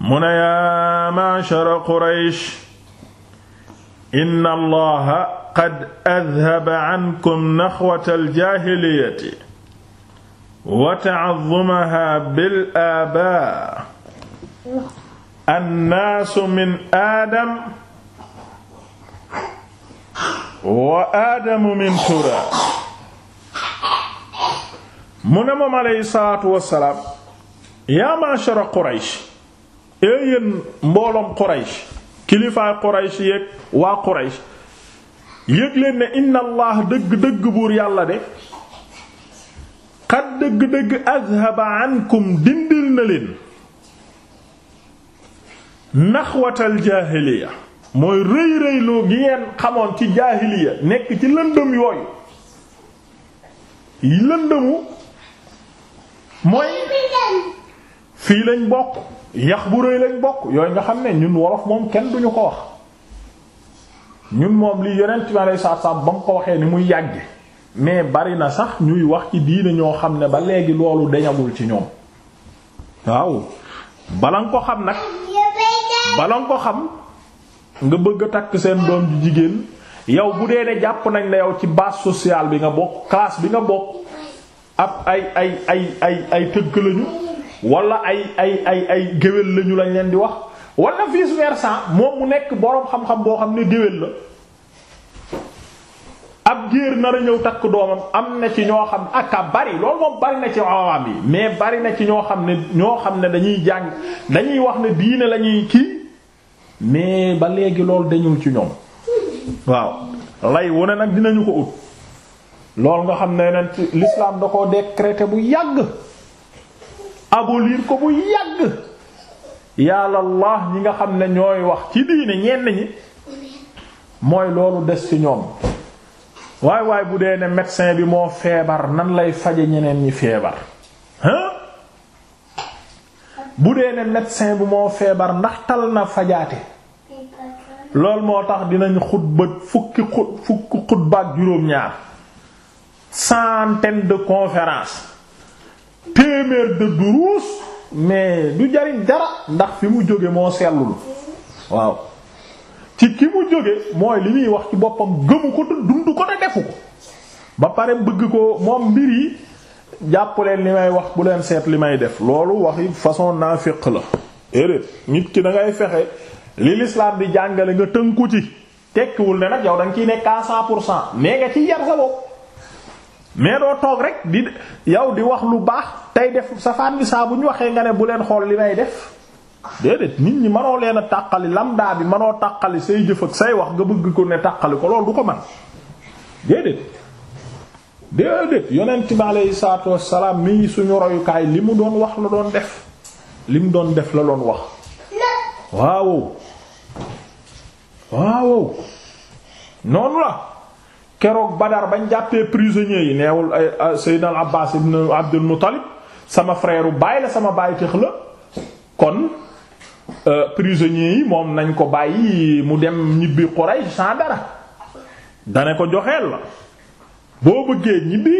mu ne yaa ma'shara Quraysh inna Allaha qad adhaba ankum naxwata al-jaahiliyyati wa ta'azzumaha bil-aabaa annaasu min aadam wa aadamu min turaab mu ne moom alayhi salaatu wa salaam yaa ma'shara Quraysh ee eh, yéen mbooloom Quraysh kilifaay Quraysh yeeg waa Quraysh yëg leen ne inna dëgg-dëgg buur yàlla de xat dëgg-dëgg azhaba ankum dindil na leen naxwatal jaahiliya mooy rëy rëyloo gi ngeen xamoon ci jaahiliya nekk ci lëndëm yooyu lëndëmu mooy fii lañ bokk yax bu rëy lañ bokk yooyu nga xam ne ñun wolof moom kenn ñu ko wax ñun moom li yonent ma lay saab saab ba mu ko waxee ni muy yàgge mais bari na sax ñuy wax ci diine ñoo xam ne ba léegi loolu dañagul ci ñoom waaw bala nga ko xam nag bala nga ko xam nga bëgg a takk seen doom ju jigéen yow bu dee ne jàpp nañ ne yow ci baas sociale bi nga bokk classe bi nga bokk ab ay ay ay ay ay tëgg lañu wala ay ay ay ay géwél lañu lañ leen di wax wala vice versa moom mu nekk boroom xam-xam boo xam ne géwél la ab géer na a takk doomam am na ci ñoo xam aka bari loolu moom bari na ci awaam yi mais bari na ci ñoo xam ne ñoo xam ne dañuy jàng dañuy wax ne diine lañuy kii mais ba léegi loolu dañul ci ñoom waaw lay wone nag dinañu ko ut loolu nga xam ne neen l'islam da ko de décréter bu yàgg abolir ko bu yàgg yàlla laa ñi nga xam ne ñooy wax ci diine ñenn ñi mooy loolu des ci ñoom waay waay bu dee ne médecin bi moo feebar nan lay faje ñeneen ñi feebar hein bu dee ne médecin bi moo feebar ndax tal na fajaate loolu moo tax dinañu xutba fukki xut fukki xutba juróom-ñaar centaine de conference téeméer de duruus mais du jariñ dara ndax fi mu jóge moo sellul waaw ci ki mu jóge mooy li muy wax ci boppam gëmu ko te dund ko te defu ko ba pare bëgg ko moom mbir yi jàpp leen li may wax bu leen seet li may def loolu waxi façon féq la déedéet nit ki da ngay fexe li l'islam di jàngale nga tënku ci tekkiwul ne nag yow da nga ciy nekk à 100 pour cent mais nga ci yar mais doo toog rek di yow di wax lu baax tey def safaan bi saa bu ñu waxee nga ne bu leen xool li may def déedéet nit ñi manoo leen a tàqali lamda bi manoo tàqali say jëf ak say wax nga bëgg ko ne tàqali ko loolu du ko man déedéet déedéet yonent bi aleyhi salaatu wassalaam mi suñu royukaay li mu doon wax la doon def li mu doon def la doon wax waaw waaw noonu la keroog Badar bañ jàppee prisonniers yi neewul ay Seydina al Abbas ibn Abdul Muttalib sama frère baay la sama baay tëx la kon euh, prisonniers yi moom nañ ko bàyyi mu dem ñibbi Quraysh sans dara dane ko joxeel la boo bëggee ñibbi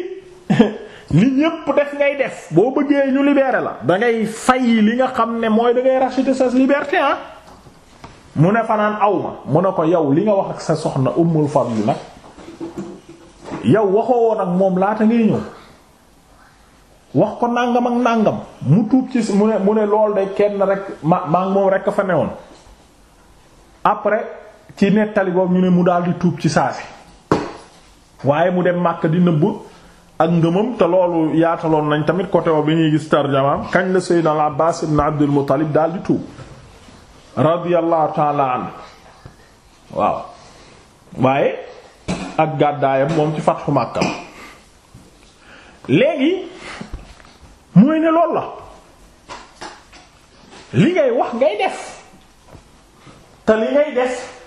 li ñépp def ngay def boo bëggee ñu libérer la da ngay fay li nga xam ne mooy da ngay sa liberté ah mu ne fanaan awma mu ne ko yow li nga wax ak sa soxna Ummul Fadl nag yow waxoo woon ak moom laata ngay ñëw wax ko nàngam ak nàngam mu tuub ci mu ne mu ne lool de kenn rek ma maa ngi moom rekk fa newoon après ci nettali boobu ñu ne mu daal di tuub ci saasi waaye mu dem màkk di nëbb ak ngëmam te loolu yaataloon nañ tamit côté bi ñuy gis tarjamaam kañ la Seydina al Abbaas ibn Abdul Muttalib daal di tuub radiyallahu ta'ala anhu waaw waaye ak gàddaayam moom ci fatxu Makka léegi mooy ne lool la li ngay wax ngay def te li ngay def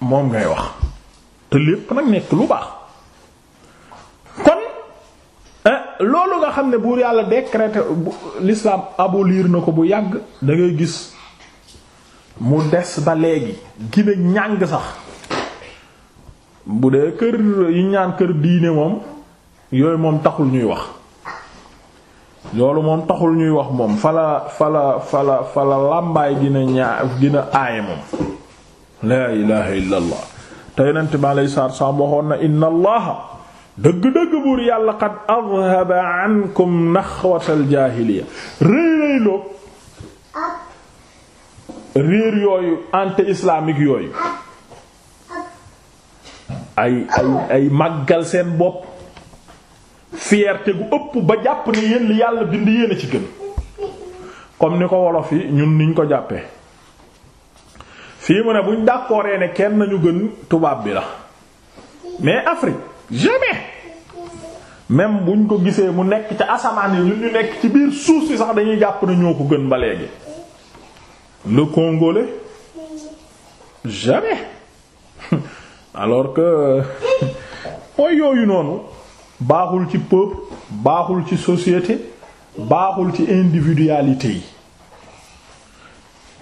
moom ngay wax te lépp nag nekk lu baax kon eh, loolu nga xam ne buur yàlla de décréter l'islam abolir na ko bu yàgg da gis mu des ba léegi gina ñàng sax bu dee kër yi ñaan kër diine moom yooyu moom taxul ñuy wax loolu moom taxul ñuy wax moom fala fala fala fala làmbaay gina ñaa gina aaye moom laa ilaha illa allah te yonent bi na inna allaha dëgg-dëgg buur yàlla qad adhaba ankum naxwatal jaahiliya réy réy loo réer yooyu ante islamique yooyu ay ay ay màggal seen bopp fierté gu ëpp ba jàpp ne yéen li yàlla bind yéen a ci gën comme ni ko wolof yi ñun niñ ko jàppee fii mu ne buñ dàkkooree ne kenn nañu gën tubaab bi la mais Afrique jamais même buñ ko gisee mu nekk ca asamaan yi ñun ñu nekk ci biir suuf si sax dañuy jàpp ne ñoo ko gën ba léegi le congolais jamais alors que mooy yooyu noonu baaxul ci peuple baaxul ci société baaxul ci individualité yi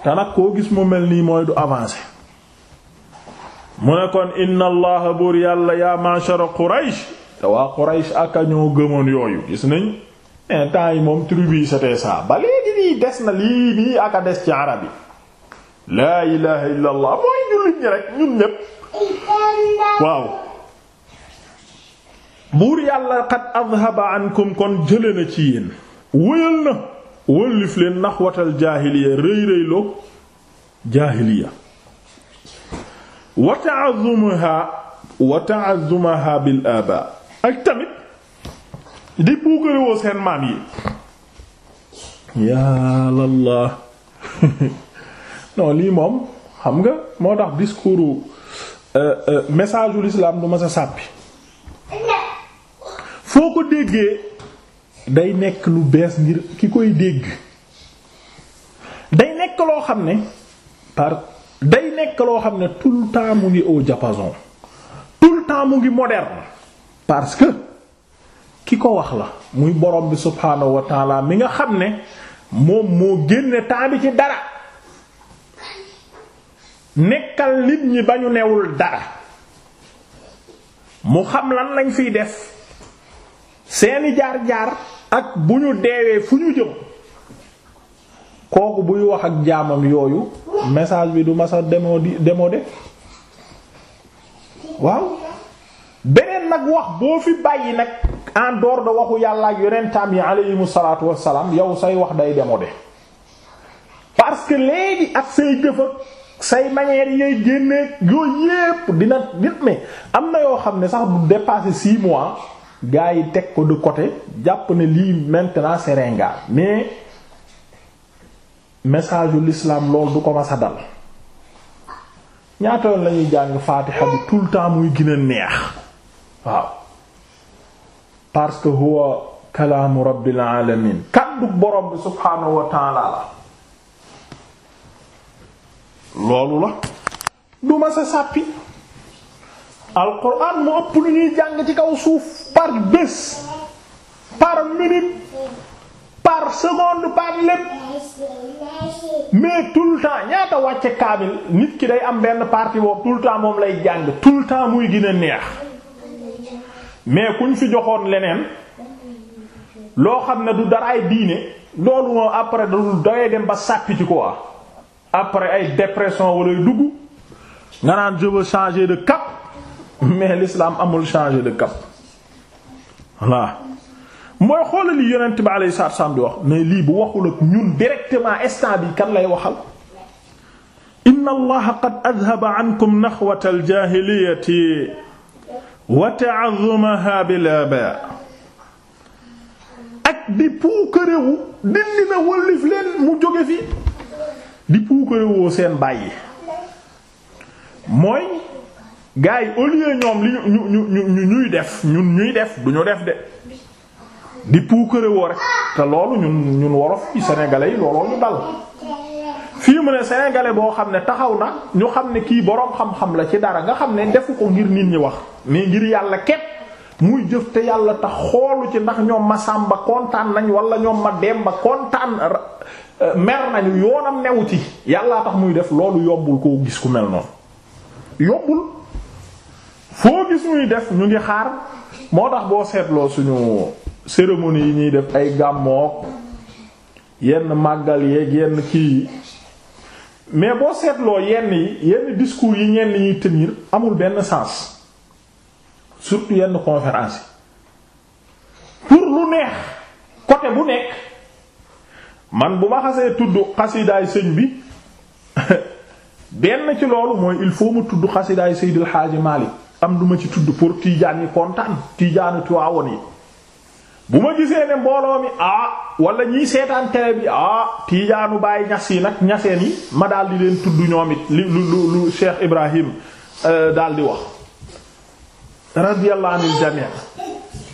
te nag koo gis mu mel nii mooy du avancé mu ne kon inna buur yàlla yaa ma'shara Quraysh te waa Quraysh ak ñoo gëmoon yooyu gis nañ en yi moom tribu yi c'était ça ba léegi nii des na lii nii ak a des ci arab yi laa ilaha illa mooy jullit ñi rek ñun ñépp waaw buur yàlla qad adhaba ankum kon jële na ci yéen wëyal na wëllif leen naxwatal jaahiliya rëy rëyloo jaahiliya wa ta'azzumaha wa ta'azzumaha bil aba ak tamit di buugarewoo seen maam yi yaa Allah non lii moom xam nga moo tax discours Euh, euh, message wu l'islam du ma sa sàppi foo ko déggee day nekk lu bees ngir ki koy dégg day nekk xam ne par day nekk loo xam ne tout le temps mu ngi au diapason tout le temps mu ngi moderne parce que ki ko wax la muy borom bi subhaanahu wa taala mi nga xam ne moom moo génne temps bi ci dara nekkal nit ñi ba ñu newul dara mu xam lan lañ fiy def seeni jaar-jaar ak bu ñu deewee fu ñu jëm kooku buy wax ak jaamam yooyu message bi du masa demoo di demoo de waaw beneen nag wax boo fi bàyyi nag en dehors waxu yàlla ak yonentam yi aleyhimu salaatu wassalaam yow say wax day demoo de parce que léegi ak say jëf say manières yooyu génneeg yooyu yépp dina nit mais am na yoo xam ne sax du dépasser six mois gars yi teg ko de côté jàpp ne lii maintenant c'est mais message u l'islam loolu du ko masa dal ñaata lañuy jàng faatiha bi tout le temps muy gën neex waaw parce que huwa kalaamu rabbil alamin kàddu borom bi subhaanahu wa loolu la du ma sa sàppi alquran mu ëpp lu ñuy jàng ci kaw suuf par bés par minute par seconde par lépp mais tout le temps ñaata wàcce kaamil nit ki day am benn partie boobu tout moom lay jàng tout le temps muy gën neex mais kuñ fi joxoon leneen loo xam ne du dara ay diine loolu moom après da doy dem ba sàppi ci quoi. après ay dépression walay dugg nga naan je veux changer de cap mais l'islam amul changer de cap voilà mooy xoolal li yonent bi alayhi salaatu salaam di wax mais lii bu waxul ak ñun directement instant bi kan lay waxal inna allaha qad adhaba ankum naxwata aljaahiliyati wa ta'azzumaha bil aba ak di puukarewu dindi na wëllif leen mu jóge fii di puukarewoo seen bàyyi mooy gars yi au lieu ñoom li ñu ñu ñu ñuy def ñun ñuy def du ñu def de di puukarewoo rek te loolu ñun ñun wolof ci sénégalais yi looloo ñu dal fii mu ne sénégalais boo xam ne taxaw na ñu xam ne kii boroom xam-xam la ci dara nga xam ne defu ko ngir nit ñi wax mais ngir yàlla ket muy jëf te yàlla tax xoolu ci ndax ñoom ma sàmba kontaan nañ wala ñoom ma demba kontaan Euh, mer nañu yoonam newu ci yàllaa tax muy def loolu yombul ko gis ku mel noonu yombul foo gis muy def ñu ngi xaar moo tax boo seetloo suñu cérémonie yi ñuy def ay gàmmook yenn màggal yeeg yenn kii mais boo seetloo yenn yi yenn discours yi ñenn ñuy tenir amul benn sens surtout yenn conférence yi pour lu neex côté bu nekk man bu ma xasee tudd xasidaay sëñ bi benn ci loolu mooy il faut ma tudd xasidaay Seydil Hadji Malick am duma ci tudd pour tiijaan yi kontaan tiijaanu Tiwaawoon yi bu ma gisee ne mbooloo mi ah wala ñiy seetaan télé bi ah tiijaanu bàyyi ñas yi nag ñaseen yi ma daal di leen tudd ñoom it li lu lu lu Cheikh Ibrahim euh, daal di wax radiyallahu anil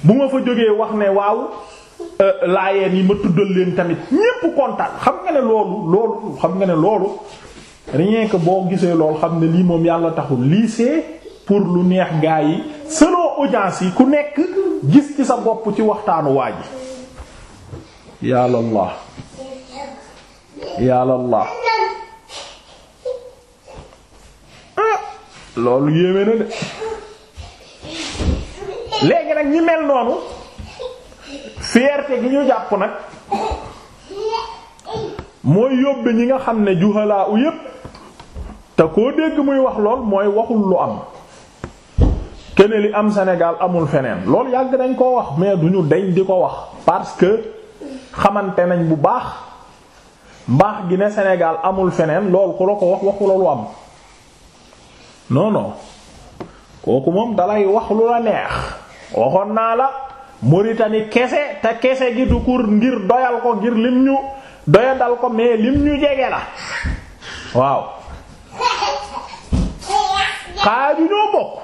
ma fa jógee wax ne waaw Euh, laayeen yi ma tuddal leen tamit ñépp kontaan xam nga ne loolu loolu xam nga ne loolu rien que boo gisee lool xam ne lii moom yàlla taxul lii c'est pour lu neex gaa yi selon audience yi ku nekk gis ci sa bopp ci waxtaanu waa ji yàlla Allah yàlla Allah ah, loolu yéeme na de léegi nag ñi mel noonu fierté gi ñu jàpp nag mooy yóbbe ñi nga xam ne juhalaa u yépp te koo dégg muy wax lool mooy waxul lu am kene li am Sénégal amul feneen loolu yàgg nañ koo wax mais duñu deñ di ko wax parce que xamante nañ bu baax mbaax gi ne Sénégal amul feneen loolu ku la ko wax waxu lu am non kooku moom dalay wax lu la neex waxoon naa la Mauritanie kese te kese gi du kur ngir doyal ko ngir lim ñu doyadal ko mais lim ñu jege la waaw xaaju ñoo bokk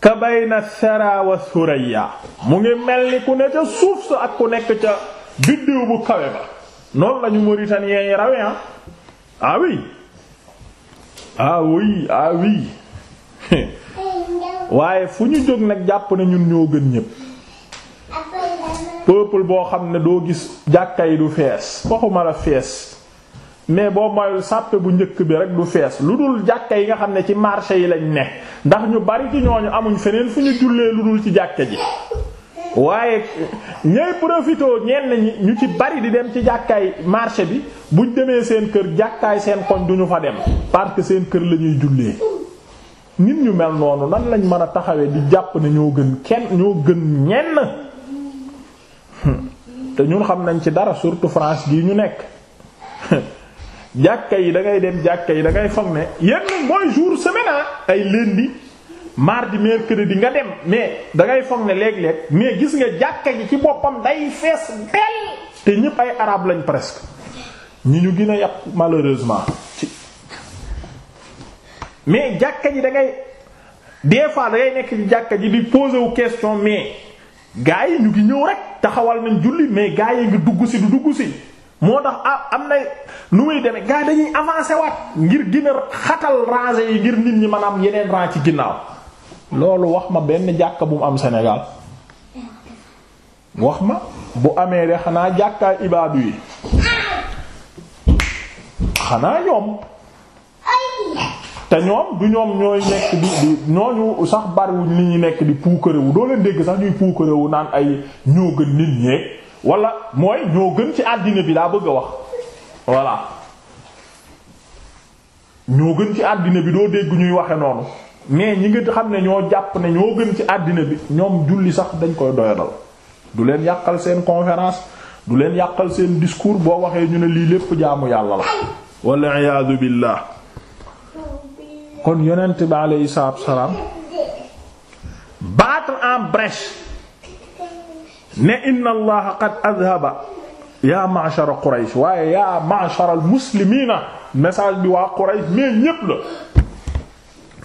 ka bayna sara wa mu ngi mel ni ku ne ca suuf sa ak ku nekk ca biddiw bu kawe ba noonu lañu Mauritaniens yi rawe ah ah oui ah oui ah waaye fu ñu jóg nag jàpp na ñun ñoo gën ñépp peuple boo xam ne doo gis jàkka yi du fees waxuma la fees mais boo mayul sàppe bu njëkk bi rek du fees lu dul jàkka yi nga xam ne ci marché yi lañ ne ndax ñu bari ci ñooñu amuñ feneen fu ñu jullee lu dul ci jàkka ji waaye ñay profité ñenn ñi ñu ci bari di dem ci jàkkaay marché bi buñ demee seen kër jàkkaay seen koñ ñu fa dem parce seen kër la ñuy jullee nit ñu mel noonu nan lañ mën a taxawee di jàpp ne ñoo gën kenn ñoo gën ñenn te ñun xam nañ ci dara surtout France gii ñu nekk jàkka yi dangay dem jàkka yi da ngay foog ne yenn mooy jour semaine ah. ay lundi mardi mercredi nga dem mais da ngay foog ne léeg-léeg mais gis nga jàkka yi ci boppam day fees del te ñëpp ay arab lañ presque ñi ñu gën a yàq malheureusement mais jàkka ji da ngay des fois da ngay nekk ci jàkka ji bi poser wu question mais. gaa yi ñu ngi ñëw rek taxawal nañ julli mais gaa yi ngi dugg si du dugg si moo tax ah am na nu muy demee gaa yi dañuy avancer waat ngir gën a xatal rangées yi ngir nit ñi mën am yeneen rang ci ginnaaw loolu wax ma benn jàkk bu mu am senegal wax ma bu amee de xanaa jàkkaay ibaadu yi xanaa ñoom. te ñoom du ñoom ñooy nekk di di ñooñu sax bariwuñ ni ñu nekk di puukarewu doo leen dégg sax ñuy puukarewu naan ay ñoo gën nit ñeeg wala mooy ñoo gën ci àddina bi laa bëgg wax voilà ñoo gën ci àddina bi doo dégg ñuy waxe noonu mais ñi nga xam ne ñoo jàpp ne ñoo gën ci àddina bi ñoom julli sax dañ koy doyadal du leen yàqal seen conférence du leen yàqal seen discours boo waxee ñu ne lii lépp jaamu yàlla la wal iyaadu billah kon yonent bi aleyhi salaatu salaam battre en brèche ne inna allaha Quraysh yaa ma'shara al message bi waa Quraysh mais ñépp la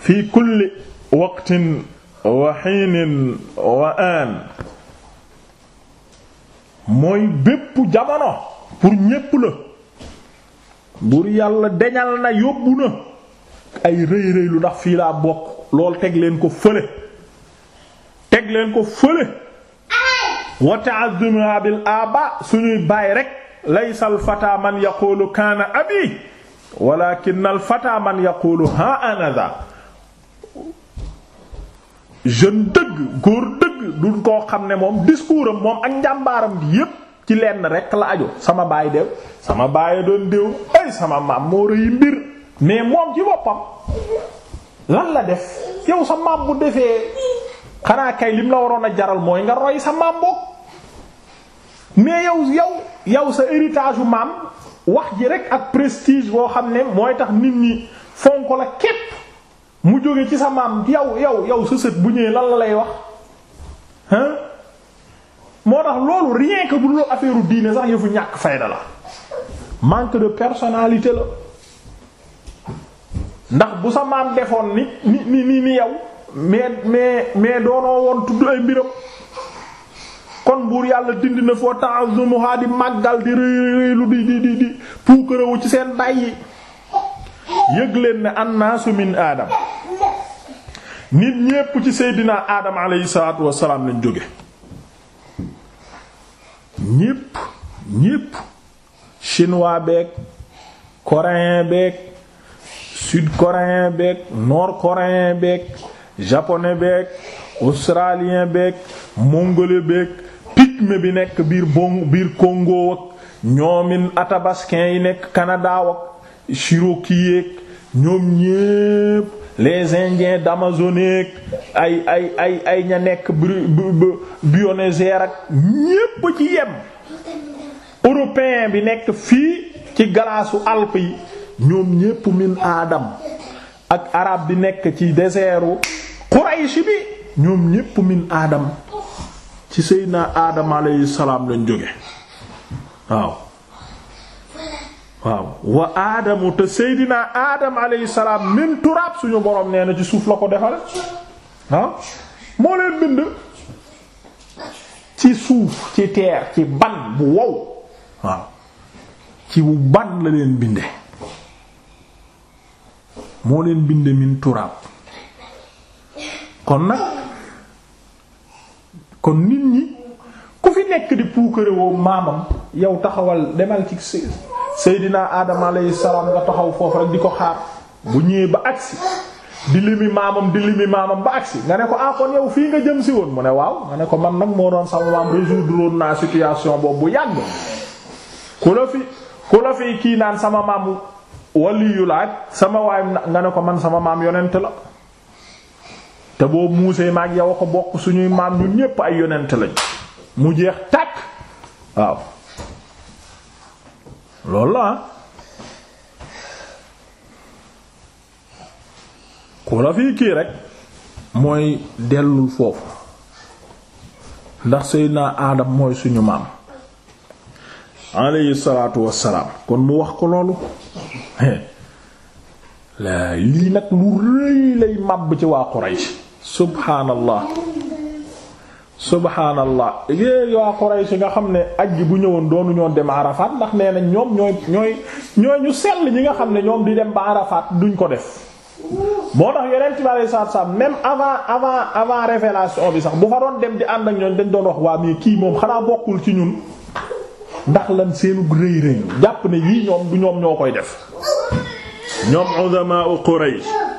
fii kulli waqtin wa wa aan mooy bépp jamono pour ñépp la buur yàlla deñal na na ay rëy rëy lu ndax fii laa bokk lool teg leen ko fële teg leen ko fële wa ta'azzumuha bil aba suñuy baay rek laysa al fata man yaqulu kaana abi walakin al fata yaqulu ha anada jeune dëgg góor dëgg duñ koo xam ne moom discours am moom ak njàmbaaram yépp ci lenn rekk la ajo sama baay dew sama baay doon déw ay sama maam moo rëy mbir mais moom ci boppam lan la def yow sa maam bu defee xanaa kay lim la waroon a jaral mooy nga roy sa maam boog mais yow yow yow sa héritage u maam wax ji rek ak prestige boo xam ne mooy tax nit ñi fonk la képp mu jóge ci sa maam yow yow yow sa sët bu ñëwee lan lay wax hein moo tax loolu rien que bu loolu affaire diine sax yëfu ñàkk fayda la manque de personnalité la. ndax bu samaan maam defoon ni ni ni ni yow mais mais doonoo woon tudd ay mbiram kon buur yàlla dindi na foo ta'azzumuha di màggal di réyréylu di di di di puukarewu ci seen bay yëgleen yëg leen ne annaasu aadam nit ñépp ci seydinaa aadam alayhi salaatu wassalaam lañ jóge ñépp ñépp chinois beek coréen beek sud coréen beeg nord coréen beeg japonais beeg australien beeg mongolais beeg pygmée bi nekk biir bon biir Congo ak yi nekk Canada ak Cherokee yeeg ñoom ñépp les indiens d'Amazonie ay ay ay ña nekk Buenos ñépp ci yem européen bi nekk fii ci galaasu Alpes yi ñoom ñépp min aadam ak arab bi nekk ci deseeru Quraysh bi ñoom ñépp min aadam ci Seydina aadam alayhi salaam lañ jóge waaw waaw wa aadamu te Seydina aadam alayhi salaam min turaab suñu borom nee ci suuf la ko defal waaw moo leen bind ci suuf ci terre ci ban bu wow waaw ci ban la leen binde moo leen bind min turaab kon nag kon nit ñi ku fi nekk di puukarewoo maamam yow taxawal demal ci Seydina Adama alayhi salaam nga taxaw foofu rek di ko xaar bu ñëwee ba agsi di limi maamam di limi maamam ba agsi nga ne ko ah yow fii nga jëm si woon mu ne waaw nga ne ko man nag moo doon sama maam résoudre woon naa situation boobu bu yàgg ku la fi ku la fi kii naan sama maamu waliyu sama waay nga ne ko man sama maam yonent la te boo muusee maag yow a ko bokk suñuy maam ñun ñépp ay yonent lañ mu jeex tàkk waaw loolu la ah. ku la fii kii rek mooy dellul foofu ndax Seydina Adam mooy suñu maam alayhi salaatu wassalaam kon mu wax ko loolu laa lii nag lu rëy lay màbb ci waa Quraysh subhaanallah subhaanallah léegi waa Quraysh nga xam ne ajj bu ñëwoon doonu ñoo dem Arafat ndax nee na ñoom ñooy ñooy ñooy ñu sell ñi nga xam ne ñoom di dem ba Arafat duñ ko def moo tax yeneen ci bari saab saab même avant avant avant révélation bi sax bu fa doon dem di ànd ak ñoom dañ doon wax waa mii kii moom xanaa bokkul ci ñun ndax lan seenu rëy rëy jàpp ne yii ñoom du ñoom ñoo koy def ñoom ulama Quraysh